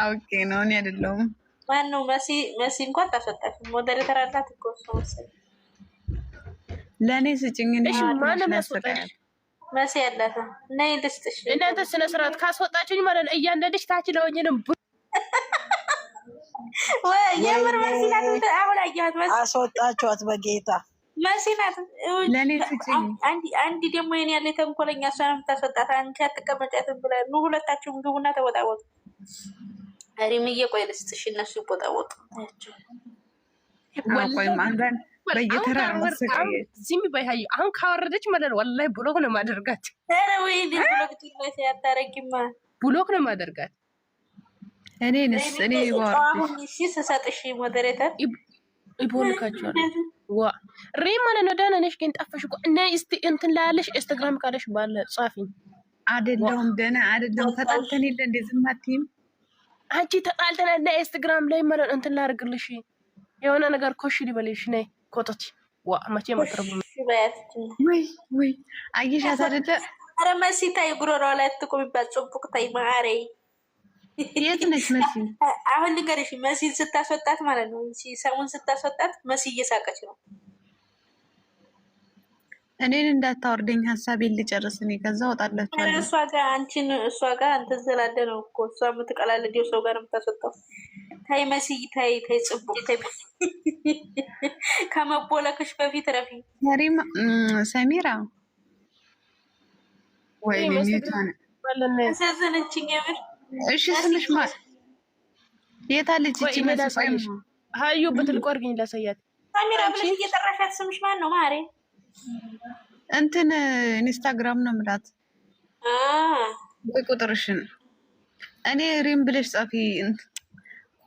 አውቄ ነው እኔ አይደለሁም። ማነው መሲ? መሲ እንኳን ታስወጣች። ሞዴሬተር አላት እኮ እሱ መሰለኝ። ለእኔ ስጭኝ። ማንም ያስወጣኝ መሲ ያላት እና ልስጥሽ። እናንተ ስነ ስርዓት ካስወጣችሁኝ ማለት ነው እያንዳንድሽ ታች ለወኝንም የምር መሲ ናት። አሁን አየኋት። አስወጣችኋት በጌታ መሲናት አንድ ደግሞ ኔ ያለ ተንኮለኛ እሷን የምታስወጣት አንቺ አትቀመጫትም ብላ ኑ ሁለታችሁም ግቡና ተወጣወጡ። ሪምዬ ቆይ ልስጥሽ፣ እነሱ ይወጣወጡ ዝም በይ ሀዩ። አሁን ካወረደች ማለት ነው ወላሂ ብሎክ ነው ማደርጋት። ብሎክ ነው ማደርጋት። እኔ እኔ ስሰጥሽ ሞዴሬተር ይቦልካቸዋል ዋ ሪ ማለት ነው። ደህና ነሽ ግን ጠፋሽ እኮ እና እስቲ እንትን ላለሽ ኢንስታግራም ካለሽ ባለ ጻፊኝ። አይደለም ደህና አይደለም። ተጣልተን የለ እንዴ ዝም አትይም አንቺ። ተጣልተን እና ኢንስታግራም ላይ ማለት እንትን ላርግልሽ የሆነ ነገር ኮሽ ሊበልሽ ነይ ኮቶቲ ዋ ማቼ ማቅረቡ ወይ ወይ አየሻት አይደለ? ኧረ መሲ ታይ ጉሮሮ ላይ ትቆሚባት ጽቡቅ ታይ ማሬ የት ነች መሲ? አሁን ንገርሽ። መሲን ስታስወጣት ማለት ነው፣ ሰሙን ስታስወጣት መሲ እየሳቀች ነው። እኔን እንዳታወርደኝ ሀሳቤን ልጨርስ። እኔ ከዛ ወጣላችኋለሁ። እሷ ጋር አንቺን እሷ ጋር ነው እኮ እሷ ሰው ጋር የምታስወጣው። ታይ መሲ ታይ ታይ፣ ጽቡ ከመቦለክሽ በፊት ረፊ ሰሚራ ወይ ሚቷ ነው ሰዘነችኝ የምር እሺ ስምሽ ማ የታ ልጅ እቺ መላሳይሽ ሀዩ ብትል ቆርግኝ ላሳያት። ካሜራ ብለሽ እየጠራሻት ስምሽ ማን ነው? ማሬ እንትን ኢንስታግራም ነው ምላት ወይ ቁጥርሽን እኔ ሪም ብለሽ ጻፊ።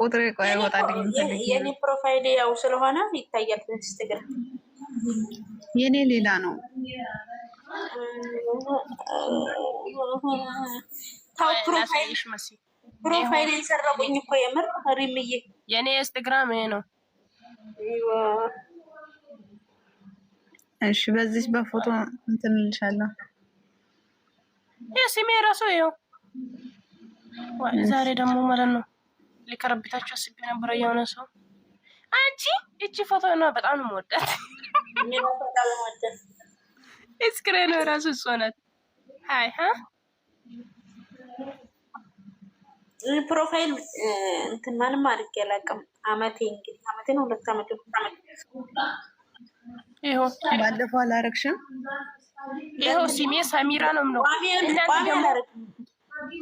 ቁጥር ቆይ አይወጣልኝም። የኔ ፕሮፋይል ያው ስለሆነ ይታያል። ኢንስታግራም የኔ ሌላ ነው። ታው ፕሮፋይል የሰረቁኝ እኮ የምር ሪምዬ፣ የኔ ኢንስታግራም ይሄ ነው። እሺ፣ በዚህ በፎቶ እንትን እልሻለሁ። የስሜ ራሱ ይኸው። ዛሬ ደግሞ ማለት ነው ሊከረብታችሁ አስቤ ነበረ። የሆነ ሰው አንቺ እቺ ፎቶ ነው በጣም ነው የምወዳት። እስክሬ ራሱ እሷ ናት። ሀይ ሀ ፕሮፋይል እንትን ማንም አድርጌ አላውቅም። አመቴ እንግዲህ አመቴ ነው ሁለት አመቴ ባለፈው አላረግሽም። ይኸው ሲሜ ሰሚራ ነው ነው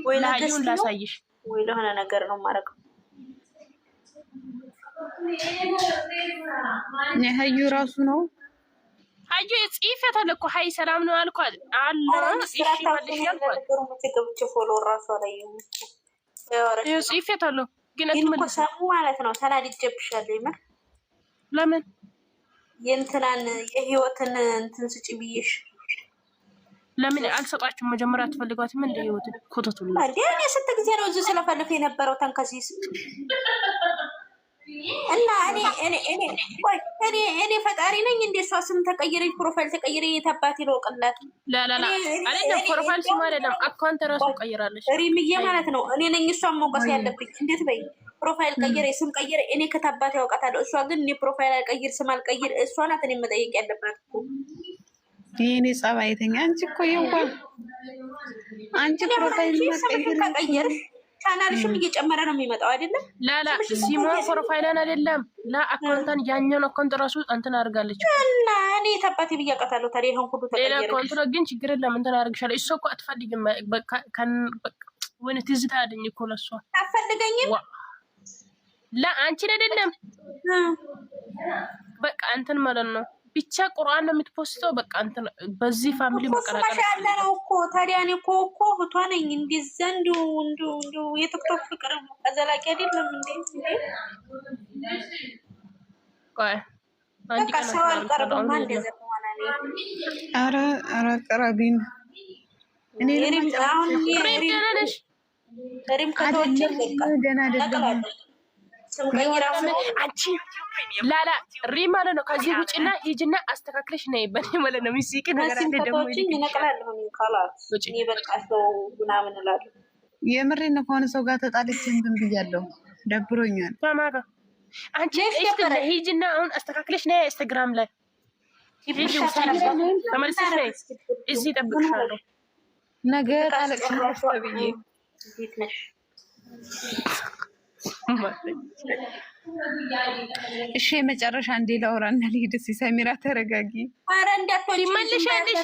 ወይላዩን ላሳይሽ ወይ ለሆነ ነገር ነው ማረገው። ሀዩ ራሱ ነው ሀዩ ጽፍ ያታለኩ ሀይ ሰላም ነው አልኳል አለ ሽ ገብቼ ፎሎ ራሱ አላየሁም ጽፌታለሁ ግን ሰሙ ማለት ነው። ሰላድ ይጀብሻለሁ። ይመር ለምን የእንትናን የህይወትን እንትን ስጭ ብዬሽ ለምን አልሰጣችሁም? መጀመሪያ አትፈልጓትም? እንደ ህይወትን ኮተቱ ስንት ጊዜ ነው እዚህ ስለፈልፍ የነበረው ተንከሲስ እና እኔ እኔ እኔ እኔ ፈጣሪ ነኝ እንዴ? እሷ ስም ተቀይረች፣ ፕሮፋይል ተቀይረ የታባቴ ለውቅላት ፕሮፋይል ስም አይደለም አካውንት ራሱ ቀይራለች። ሪምዬ ማለት ነው እኔ ነኝ እሷ መውቀስ ያለብኝ። እንዴት በይ ፕሮፋይል ቀይረ፣ ስም ቀይረ፣ እኔ ከታባት ያውቃታለሁ። እሷ ግን እኔ ፕሮፋይል አልቀይር፣ ስም አልቀይር፣ እሷ ናት እኔ መጠየቅ ያለባት። እኮ ይህኔ ጸባይተኛ አንቺ እኮ የዋል አንቺ ፕሮፋይል ቀይር ቻናልሽም እየጨመረ ነው የሚመጣው አይደለም። ላላ ሲሞ ፕሮፋይላን አይደለም ላ አካውንታን ያኛውን አካውንት ራሱ እንትን አድርጋለች እና እኔ ተባት ብያቀታለሁ። ታዲያ ይሆን ሁሉ ሌላ አካውንት ነው ግን ችግር የለም እንትን አድርግሻለሁ። እሷ እኮ አትፈልግም። ወይኔ ትዝታ አለኝ እኮ ለሷ አትፈልገኝም። ላ አንቺን አይደለም በቃ እንትን ማለት ነው ብቻ ቁርአን ነው የምትፖስተው። በቃ እንትን በዚህ ፋሚሊ መቀላቀል ያለ ነው እኮ ታዲያ። እኔ እኮ እኮ እህቷ ነኝ። እንዲዛ እንዲ እንዲ እንዲ የቲክቶክ ፍቅር ዘላቂ አይደለም እንዴ? ቆይ አንድ ቀን ሰው አልቀርብማ እንደዛ ሆነ። አረ አረ ቀራቢን እኔ ሪም አሁን ሪም ደህና ነሽ? ሪም ከተወቸ ደህና አይደለም ስምቀኝ አንቺ ላላ ሪ ማለት ነው። ከዚህ ውጭና ሂጅና አስተካክለሽ ነይ በኔ ማለት ነው። ሚስቂ ነገር እንደ ደግሞ ይነቀላል የምሬን ነው። ከሆነ ሰው ጋር ተጣልቼ እንትን ብያለሁ። ደብሮኛል። ተማራ አንቺ ሂጅና አሁን አስተካክለሽ ነይ ኢንስታግራም ላይ ተመልሰሽ ነይ። ነሽ? እሺ የመጨረሻ እንዴ ላውራና ልሂድ። እስኪ ሰሚራ ተረጋጊ። መልሻለሽ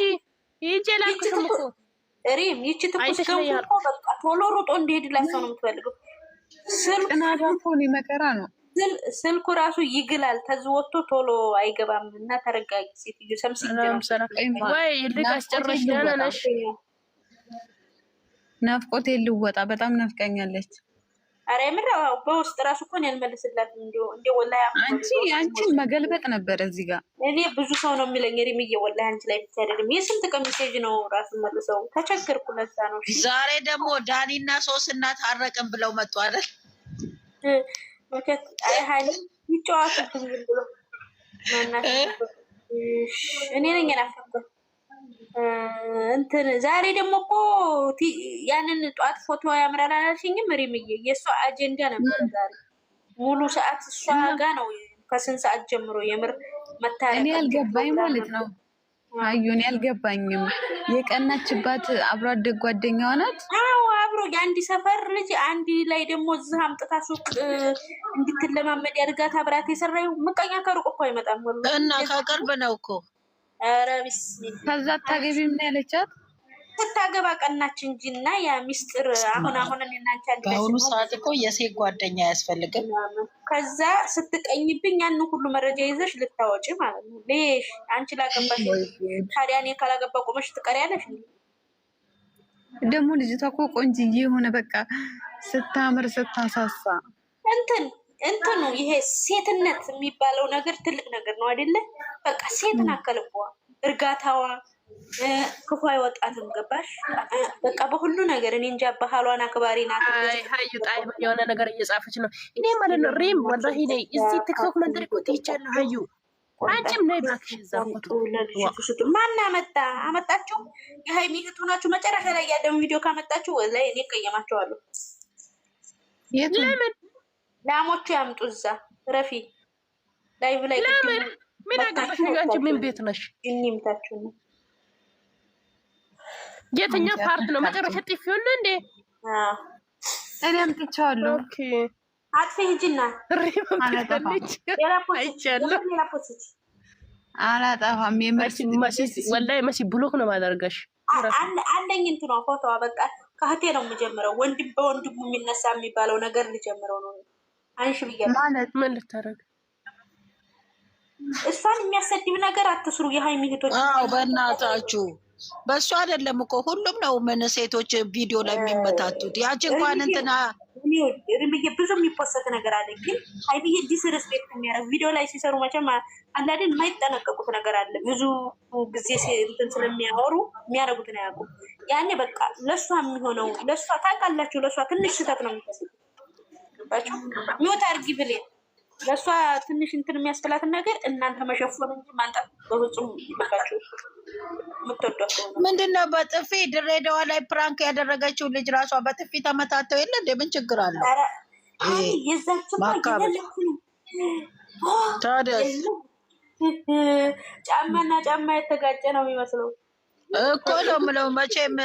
ሪም ይቺ ትኩስ ገንፎ በቃ ቶሎ ሮጦ እንዲሄድ ላሰው ነው የምትፈልገው። ነው ስልኩ ራሱ ይግላል። ተዝ ቶሎ አይገባም። እና ተረጋጊ ሴትዮ። ሰምስወይ ልቅ አስጨረሽ ነሽ። ናፍቆቴ ልወጣ በጣም ናፍቀኛለች። ኧረ የምር በውስጥ እራሱ እኮ እኔ አልመልስላትም። እንደ ወላሂ አንቺ አንቺን መገልበጥ ነበር እዚህ ጋር እኔ ብዙ ሰው ነው የሚለኝ ሪምዬ፣ ወላሂ አንቺ ላይ ብቻ አይደለም። የስንት ቀን ሚሴጅ ነው ራሱ መልሰው ተቸገርኩ። ለዛ ነው ዛሬ ደግሞ ዳኒና ሶስና ታረቅን ብለው መጡ አይደል? ሀይል ይጫዋቱ ብሎ እኔ ነኝ ናፈኩት እንትን ዛሬ ደግሞ እኮ ያንን ጠዋት ፎቶ ያምራል አላልሽኝም? ሪምዬ የእሷ አጀንዳ ነበር ዛሬ ሙሉ ሰዓት እሷ ጋ ነው። ከስንት ሰዓት ጀምሮ የምር መታረቅ እኔ ያልገባኝ ማለት ነው። አዩን ያልገባኝም የቀናችባት አብሮ አደግ ጓደኛዋ ናት። አዎ አብሮ የአንድ ሰፈር ልጅ አንድ ላይ ደግሞ እዚህ አምጥታ ሱቅ እንድትለማመድ ያድርጋት አብራት የሰራዩ ምቀኛ ከሩቅ እኮ አይመጣም እና ከቅርብ ነው እኮ ከዛ አታገቢም ነው ያለቻት። ስታገባ ቀናች እንጂ እና ያ ሚስጥር አሁን አሁን እናንተ በአሁኑ ሰዓት እኮ የሴት ጓደኛ አያስፈልግም። ከዛ ስትቀኝብኝ ሁሉ መረጃ ይዘሽ ልታወጪ ማለት ነው። ሌሽ አንቺ ላገባሽ ታዲያ እኔ ካላገባ ቆመሽ ትቀሪያለሽ። ደግሞ ልጅቷ እኮ ቆንጅዬ የሆነ በቃ ስታምር ስታሳሳ እንትን እንትኑ ይሄ ሴትነት የሚባለው ነገር ትልቅ ነገር ነው አይደለ? በቃ ሴትን አከልቧ እርጋታዋ ክፉ አይወጣትም። ገባሽ? በቃ በሁሉ ነገር እኔ እንጃ ባህሏን አክባሪ ናት። ሀይ ጣይ የሆነ ነገር እየጻፈች ነው። እኔ ማለት ነው ሪም ወላሂ ነ እዚህ ቲክቶክ መንደር ቆጥ ይቻለሁ። ሀዩ አንቺም ነይ እባክሽ። ማን አመጣ አመጣችሁ? የሀይሚ እህቱ ናችሁ። መጨረሻ ላይ ያለውን ቪዲዮ ካመጣችሁ ወላሂ እኔ እቀየማቸዋለሁ። ለምን ላሞቹ ያምጡ እዛ ረፊ ላይቭ ላይ ለምን ምን አገባሽ? አንቺ ምን ቤት ነሽ? እኒምታችሁ ነው የትኛው ፓርት ነው መጨረሻ? ጥፊ ሆነ እንዴ? እኔ አምጥቼዋለሁ። ኦኬ አጥፊ ሂጂና አላጠፋም። ወላሂ መሲ ብሎክ ነው ማደርገሽ። አንደኝ እንትኗ ፎቶዋ በቃ ከህቴ ነው የምጀምረው። ወንድም በወንድሙ የሚነሳ የሚባለው ነገር ልጀምረው ነው አንሽ ብዬ ማለት ምን ልታረግ እሷን የሚያሰድብ ነገር አትስሩ። የሀይሚ እህቶች፣ አዎ በእናታችሁ በእሱ አይደለም እኮ ሁሉም ነው። ምን ሴቶች ቪዲዮ ላይ የሚመታቱት ያቺ እንኳን እንትና ርምዬ ብዙ የሚፖሰት ነገር አለ። ግን ሀይሚዬ ዲስርስፔክት የሚያደርግ ቪዲዮ ላይ ሲሰሩ መቼም አንዳንድ የማይጠነቀቁት ነገር አለ። ብዙ ጊዜ እንትን ስለሚያወሩ ነው አያውቁም። ያኔ በቃ ለእሷ የሚሆነው ለእሷ ታውቃላችሁ፣ ለእሷ ትንሽ ስህተት ነው የሚከሰት ያለባቸው ሚወት አድርጊ ብሌ ለእሷ ትንሽ እንትን የሚያስፈላትን ነገር እናንተ መሸፈን እንጂ ማንጣት በፍጹም ይልባቸው። የምትወዷቸው ምንድን ነው? በጥፊ ድሬዳዋ ላይ ፕራንክ ያደረገችው ልጅ ራሷ በጥፊ ተመታተው የለ እንደ ምን ችግር አለ? ታዲያ ጫማና ጫማ የተጋጨ ነው የሚመስለው። እኮ ነው የምለው። መቼም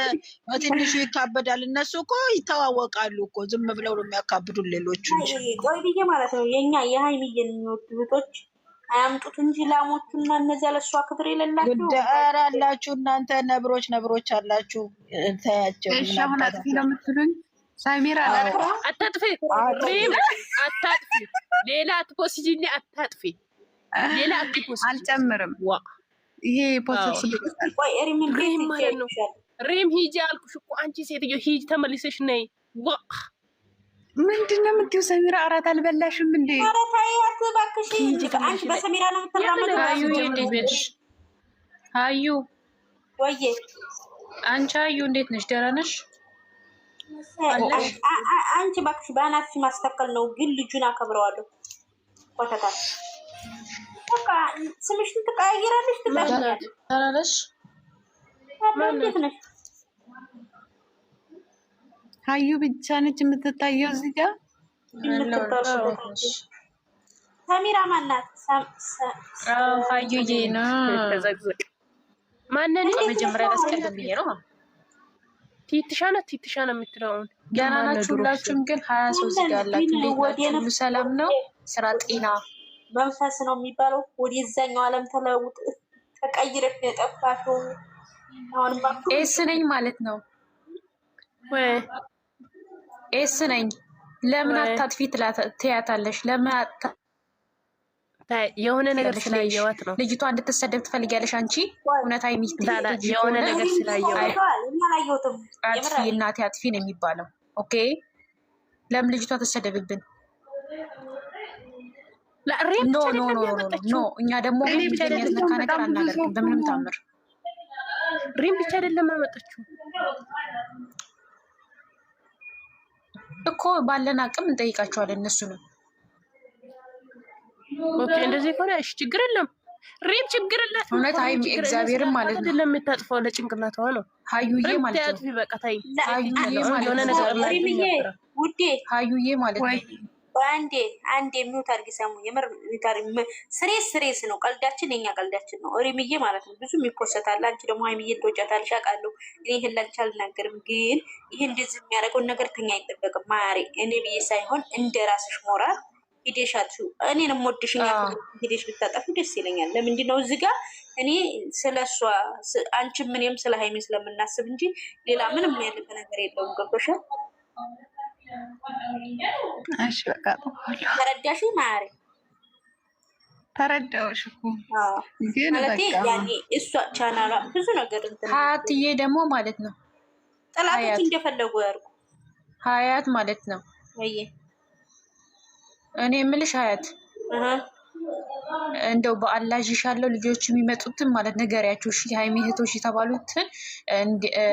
በትንሹ ይካበዳል። እነሱ እኮ ይተዋወቃሉ እኮ ዝም ብለው ነው የሚያካብዱ ሌሎቹ እንጂ ቆይ ብዬ ማለት ነው። የኛ የሀይሚዬን የሚወዱ እህቶች አያምጡት እንጂ ላሞቹና እነዚያ ለእሷ ክብር የሌላቸው ኧረ አላችሁ እናንተ ነብሮች፣ ነብሮች አላችሁ። እንታያቸው ሻሁን አጥፊ ነው የምትሉኝ። ሳሚራ አታጥፊ፣ አታጥፊ፣ ሌላ አትፖስጂኝ፣ አታጥፊ፣ ሌላ አትፖስ አልጨምርም ይሄ ፖድካስት ማለት ነው። ሬም ሂጂ አልኩሽ እኮ አንቺ ሴትዮ ሂጂ ተመልሰሽ ነይ። ወቅ ምንድን ነው የምትይው? ሰሚራ አራት አልበላሽም እንዴ? አዩ ወይ አንቺ አዩ እንዴት ነሽ? ደህና ነሽ? አንቺ እባክሽ በአናትሽ ማስተከል ነው፣ ግን ልጁን አከብረዋለሁ። ወተታ በቃ ስምሽን ትቀያይራለሽ፣ ሀዩ ብቻ ነች የምትታየው እዚህ ጋር ሰሚራ ማናት? ሀዩዬ ነው። ማንን መጀመሪያ ላስቀድም ብዬ ነው። ቲትሻ ናት፣ ቲትሻ ነው ናችሁ ሁላችሁም። ግን ሀያ ሰላም ነው። ስራ ጤና መንፈስ ነው የሚባለው። ወደዛኛው ዓለም ተለውጥ ተቀይረሽ የጠፋሽው ኤስ ነኝ ማለት ነው። ኤስ ነኝ። ለምን አታጥፊ ትያታለሽ? ለምን የሆነ ነገር ስላየዋት ነው ልጅቷ እንድትሰደብ ትፈልጊያለሽ አንቺ። እውነት አይሚት የሆነ ነገር ስላየዋት አጥፊ፣ እናቴ አጥፊ ነው የሚባለው። ኦኬ ለምን ልጅቷ ተሰደብብን? ኖ ኖ ኖ ኖ እኛ ደግሞ ብቻ የሚያስነካ ነገር አናደርግም በምንም ታምር። ሪም ብቻ አይደለም አመጣችው እኮ ባለን አቅም እንጠይቃቸዋለን። እነሱ ነው ኦኬ። እንደዚህ ከሆነ እሺ፣ ችግር የለም። ሪም ችግር የለም። እውነት አይ እግዚአብሔርም ማለት ነው የምታጥፈው ለጭንቅላቷ ነው። ሀዩዬ ማለት ነው። ሀዩዬ ማለት ነው። ሀዩዬ ማለት ነው። በአንዴ አንዴ የሚውት አድርጊ ሰሙ የምር ስሬስ ስሬስ ነው። ቀልዳችን የኛ ቀልዳችን ነው። ሪምዬ ማለት ነው ብዙም ይኮሰታል። አንቺ ደግሞ ሀይሚዬ ትወጃታለሽ አውቃለሁ። እኔ ይህን ላንቺ አልናገርም፣ ግን ይህ እንደዚህ የሚያደርገውን ነገር ከኛ አይጠበቅም። ማሪ እኔ ብዬ ሳይሆን እንደ ራስሽ ሞራል ሂደሽ አጥፉ። እኔን የምወድሽኛ ሂደሽ ብታጠፉ ደስ ይለኛል። ለምንድን ነው እዚህ ጋር እኔ ስለ እሷ አንቺም እኔም ስለ ሀይሜ ስለምናስብ እንጂ ሌላ ምንም ያለበ ነገር የለውም። ገብቶሻል? እሺ በቃ ጥፋለሁ። ተረዳሽ ማሪ? ተረዳሁሽ እኮ ግን እሷ ቻናሏ ብዙ ነገር ሀያትዬ ደግሞ ማለት ነው ጠላቶች እንደፈለጉ ያርጉ። ሀያት ማለት ነው እኔ የምልሽ ሀያት እንደው በአላዥ ይሻለው ልጆች የሚመጡትን ማለት ንገሪያቸው። እሺ ሀይሚ እህቶች የተባሉትን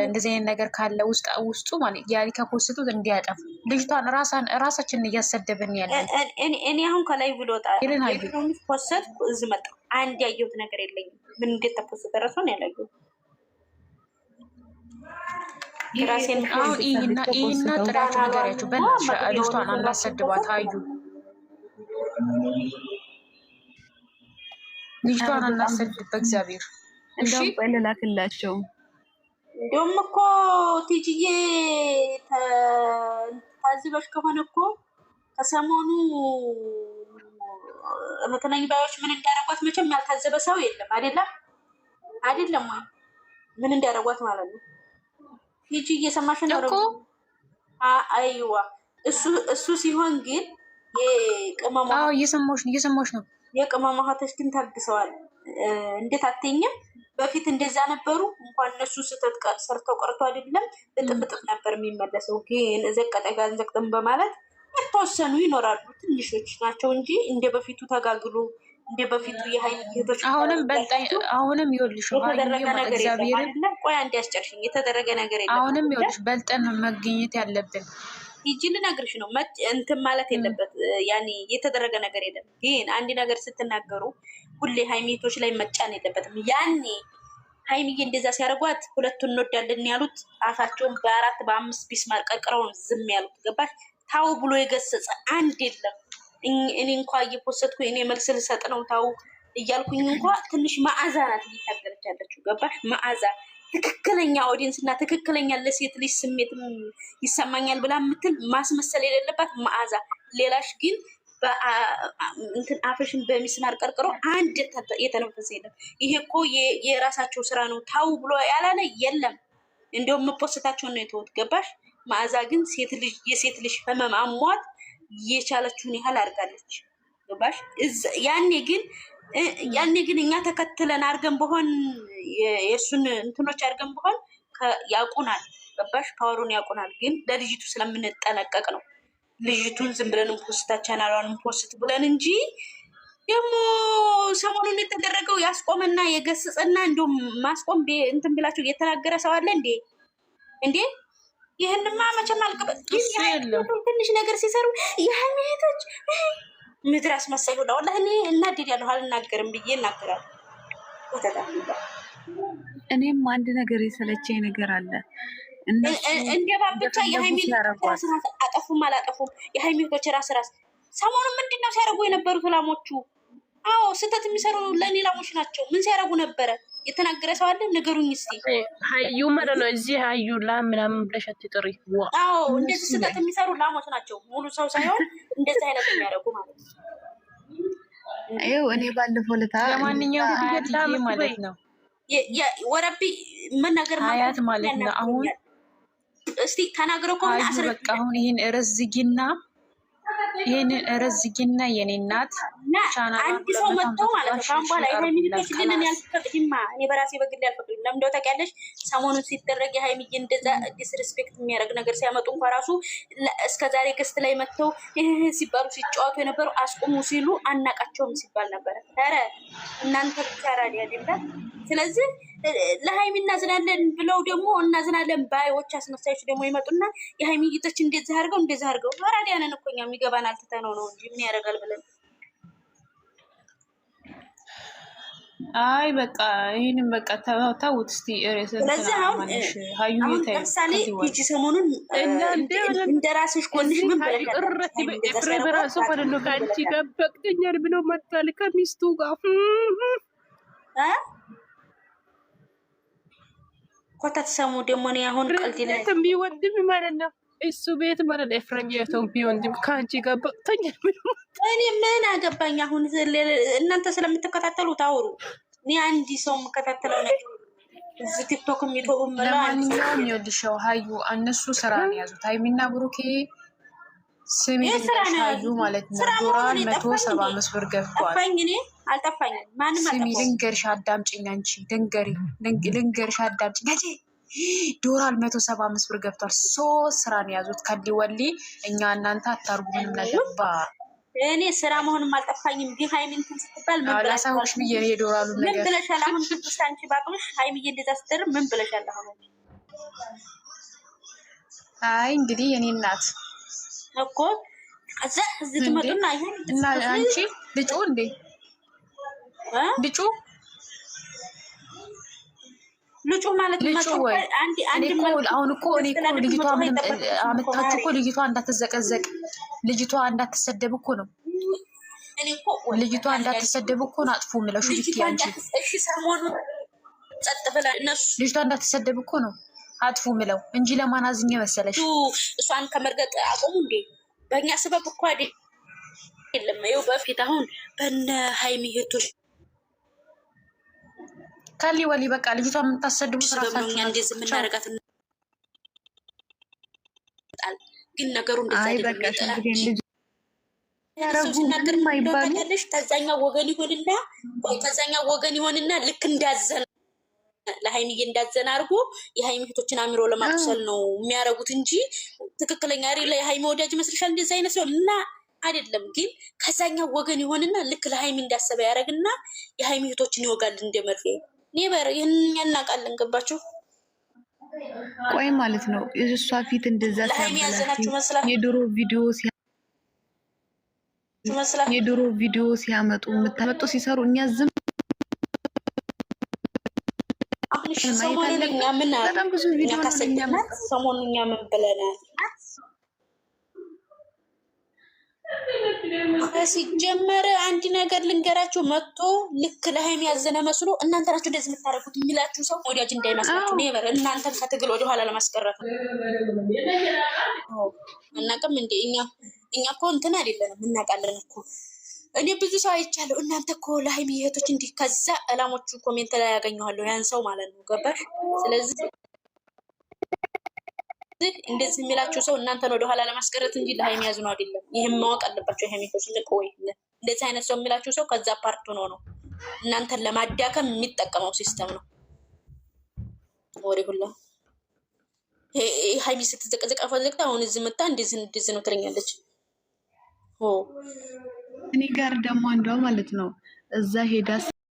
እንደዚህ አይነት ነገር ካለ ውስጥ ውስጡ ማለት ያሊ ከፖስቱት እንዲያጠፉ ልጅቷን ራሳችንን እያሰደብን ያለን እኔ አሁን ከላይ ብሎጣ ፖስት እዝ መጣ አንድ ያየሁት ነገር የለኝም። ምን እንዴት ተፖስት ደረሰን ያለዩ ይህና ይህና ጥሪያቸው ንገሪያቸው። በልጅቷን አናሰድባት አዩ ልጅቷን አናሰልፍ በእግዚአብሔር እንደላክላቸው። እንደውም እኮ ቲጂዬ ታዝበሽ ከሆነ እኮ ከሰሞኑ መገናኛ ባዮች ምን እንዳረጓት መቼም ያልታዘበ ሰው የለም። አይደለም አይደለም ወይ ምን እንዳረጓት ማለት ነው። ቲጂ እየሰማሽ ነው። አይዋ እሱ ሲሆን ግን የቅመማ እየሰማሽ ነው። የቅመማ ውሀቶች ግን ታግሰዋል። እንዴት አትኝም? በፊት እንደዛ ነበሩ። እንኳን እነሱ ስህተት ሰርተው ቀርቶ አይደለም እጥፍ እጥፍ ነበር የሚመለሰው። ግን ዘቀጠ ጋር ዘቅጥም በማለት የተወሰኑ ይኖራሉ። ትንሾች ናቸው እንጂ እንደ በፊቱ ተጋግሎ እንደ በፊቱ የሀይል ጌቶች አሁንም በልጣኝ አሁንም ይኸውልሽ የተደረገ ነገር የለም። ቆይ እንዲያስጨርሽኝ የተደረገ ነገር የለም። አሁንም ይኸውልሽ በልጠን መገኘት ያለብን ሂጂ ልነግርሽ ነው። እንትን ማለት የለበት ያኔ የተደረገ ነገር የለም። ይህን አንድ ነገር ስትናገሩ ሁሌ ሀይሚቶች ላይ መጫን የለበትም። ያኔ ሀይሚዬ እንደዛ ሲያደርጓት ሁለቱን እንወዳለን ያሉት አፋቸውን በአራት በአምስት ቢስማር ቀቅረውን ዝም ያሉት ገባሽ? ታው ብሎ የገሰጸ አንድ የለም። እኔ እንኳ እየፖሰትኩ እኔ መልስ ልሰጥ ነው ታው እያልኩኝ እንኳ ትንሽ መዓዛ ናት እየታገለች ያለችው ገባሽ? መዓዛ ትክክለኛ ኦዲየንስ እና ትክክለኛ ለሴት ልጅ ስሜት ይሰማኛል ብላ የምትል ማስመሰል የሌለባት መዓዛ። ሌላሽ ግን እንትን አፍሽን በሚስማር ቀርቅሮ አንድ የተነፈሰ የለም። ይሄ እኮ የራሳቸው ስራ ነው ታው ብሎ ያላለ የለም። እንደውም መፖሰታቸውን ነው የተወት ገባሽ። መዓዛ ግን የሴት ልጅ ህመም አሟት የቻለችውን ያህል አድርጋለች። ገባሽ። ያኔ ግን ያኔ ግን እኛ ተከትለን አድርገን በሆን የእሱን እንትኖች አድርገን በሆን ያውቁናል፣ ገባሽ? ፓወሩን ያውቁናል። ግን ለልጅቱ ስለምንጠነቀቅ ነው ልጅቱን ዝም ብለን ፖስታ ቻናሏን ፖስት ብለን እንጂ ደግሞ ሰሞኑን የተደረገው ያስቆመና የገስጽና እንዲሁም ማስቆም እንትን ብላቸው እየተናገረ ሰው አለ እንዴ? እንዴ ይህንማ መቼም አልቀበል። ትንሽ ነገር ሲሰሩ የሃይማኖቶች ምድር አስመሳይ ሆነ። ወላሂ እኔ እናደዳለሁ፣ አልናገርም ብዬ እናገራለሁ። እኔም አንድ ነገር የሰለቸኝ ነገር አለ። እንገባ ብቻ የሃይሚን ራስ አጠፉም አላጠፉም የሃይሚቶች ራስ ራስ ሰሞኑን ምንድን ነው ሲያደርጉ የነበሩት ላሞቹ? አዎ ስህተት የሚሰሩ ለእኔ ላሞች ናቸው። ምን ሲያደርጉ ነበረ? የተናገረ ሰው አለ? ንገሩኝ እስቲ። ሀዩ ማለት ነው እዚህ ሀዩ ላም ምናምን ብለሽ አትጥሪ። አዎ እንደዚህ ስህተት የሚሰሩ ላሞች ናቸው። ሙሉ ሰው ሳይሆን እንደዚህ አይነት የሚያደርጉ ማለት ነው። እኔ ባለፈው ለታ ለማንኛውም ማለት ነው ወረቢ መናገር ነገር ሀያት ማለት ነው። አሁን እስቲ ተናግረ ከሆነ አስረ በቃ አሁን ይህን ረዝጊና ይህንን ረዝጊና የኔ እናት አንድ ሰው መጥቶ ማለት ነው ከአሁን በኋላ የሃይሚን ቤት ግን ያልፈቅድማ እኔ በራሴ በግል ያልፈቅድም። ለምንደው ታውቂያለሽ፣ ሰሞኑን ሲደረግ የሃይሚዬ እንደዛ ዲስሪስፔክት የሚያደርግ ነገር ሲያመጡ እንኳ ራሱ እስከዛሬ ገስት ላይ መጥተው ሲባሉ ሲጫወቱ የነበረው አስቁሙ ሲሉ አናቃቸውም ሲባል ነበረ። ኧረ እናንተ ብቻ ራዲ አይደለም። ስለዚህ ለሃይሚ እናዝናለን ብለው ደግሞ እናዝናለን ባዮች አስመሳዮች ደግሞ ይመጡና የሃይሚ ጌቶች እንደዚህ አድርገው እንደዚህ አድርገው ራዲያንን እኮ እኛም ይገባናል ነው እንጂ ምን ያደርጋል ብለን አይ በቃ ይህንም በቃ ተውት እስቲ። ስለዚህ አሁን ለምሳሌ ቲጂ ሰሞኑን እንደ ራስሽ ኮንሽ ምን በረከት ብለሽ በራሱ ኮንሎ ከአንቺ ጋር በቅተኛል ብሎ መጥቷል ከሚስቱ ጋር ኮተት ሰሙ ደግሞ እኔ አሁን ቀልድ ላይ ቢወንድም ማለት ነው እሱ ቤት ማለት ነው ኤፍሬም የቶን ቢወንድም ከአንቺ ጋር በቅተኛል ብሎ ምን አገባኝ? አሁን እናንተ ስለምትከታተሉ ታውሩ። እኔ አንድ ሰው የምከታተለው ነገር እዚህ ቲክቶክ የሚገቡ ለማንኛውም ይኸውልሽው ሀዩ እነሱ ስራ ነው የያዙት። ሀይሚና ብሩኬ ስሜ ሀዩ ማለት ነው። ዶላር መቶ ሰባ አምስት ብር ገብቷል። አልጠፋኝም። ስሚ፣ ልንገርሽ፣ አዳምጪኝ። አንቺ ልንገሪ፣ ልንገርሽ፣ አዳምጪኝ አንቺ ዶራል መቶ ሰባ አምስት ብር ገብቷል። ሶስት ስራ ነው የያዙት። ከዲ ወሊ እኛ እናንተ አታርጉ ምንም ነገር ባ እኔ ስራ መሆንም አልጠፋኝም። ግን ሀይሚ እንትን ስትባል ምን ብላሳሆች ብዬ ሄዶራሉ ምን ብለሻል? አሁን ቅዱስ አንቺ ባቅምሽ ሀይሚዬ እንደዛ ስትደርም ምን ብለሻል? አሁን አይ እንግዲህ የኔ እናት እኮ ከዛ እዚህ ትመጡና ይሄን እና አንቺ ልጩ እንዴ ልጩ ልጩ ማለት አሁን እኮ እኔ እኮ ልጅቷ አመታች እኮ ልጅቷ እንዳትዘቀዘቅ ልጅቷ እንዳትሰደብ እኮ ነው። ልጅቷ እንዳትሰደብ እኮ ነው። አጥፉ ምለሹ ልጅቷ እንዳትሰደብ እኮ ነው። አጥፉ ምለው እንጂ ለማን አዝኜ መሰለሽ? እሷን ከመርገጥ አቁሙ እንዴ! በእኛ ስበብ እኮ አይደለም። ይኸው በፊት አሁን በነ ሀይሚ እህቶች ካሊ ወሊ በቃ ልጅቷ የምታሰድቡ እንደዚህ የምናደርጋት ግን ነገሩ እንደዚያደርጉናገርሽ ከዛኛው ወገን ይሆንና ወይ ከዛኛው ወገን ይሆንና ልክ እንዳዘነ ለሀይሚዬ እንዳዘነ አድርጎ የሀይሚ እህቶችን አሚሮ ለማቁሰል ነው የሚያደርጉት እንጂ ትክክለኛ ሪ የሀይሚ ወዳጅ ይመስልሻል? እንደዚ አይነት ሲሆን እና አይደለም ግን ከዛኛው ወገን ይሆንና ልክ ለሀይሚ እንዳሰበ ያደረግና የሀይሚ እህቶችን ይወጋል እንደመርፌ ይበር ይህን እናቃለን። ገባችሁ? ቆይ ማለት ነው እሷ ፊት እንደዛ የድሮ ቪዲዮ የድሮ ቪዲዮ ሲያመጡ የምታመጡ ሲሰሩ እኛ ዝም ሰሞኑን እኛ ምን ሰሞኑን እኛ ምን ብለናል? ሲጀመር አንድ ነገር ልንገራችሁ፣ መጥቶ ልክ ለሀይሚ ያዘነ መስሎ እናንተ ናችሁ እንደዚህ የምታደርጉት የሚላችሁ ሰው ወዳጅ እንዳይመስላችሁ ነበር። እናንተን ከትግል ወደኋላ ለማስቀረት አናውቅም እንዴ? እኛ እኛ እኮ እንትን አይደለንም፣ እናቃለን እኮ እኔ ብዙ ሰው አይቻለሁ። እናንተ እኮ ለሀይሚ እህቶች እንዲህ ከዛ እላሞቹ ኮሜንት ላይ ያገኘዋለሁ ያን ሰው ማለት ነው። ገባሽ? ስለዚህ ስለዚህ እንደዚህ የሚላቸው ሰው እናንተን ወደኋላ ለማስቀረት እንጂ ለሀይሚ ነው አይደለም። ይህም ማወቅ አለባቸው። ሀይሚቶች ልቅ ወይ እንደዚህ አይነት ሰው የሚላቸው ሰው ከዛ ፓርት ነው ነው እናንተን ለማዳከም የሚጠቀመው ሲስተም ነው። ወሬ ሁላ ሀይሚ ስትዘቀዘቅ ፈዘግታ አሁን እዚህ መታ እንደዚህ ነው ትለኛለች። እኔ ጋር ደግሞ አንዷ ማለት ነው እዛ ሄዳ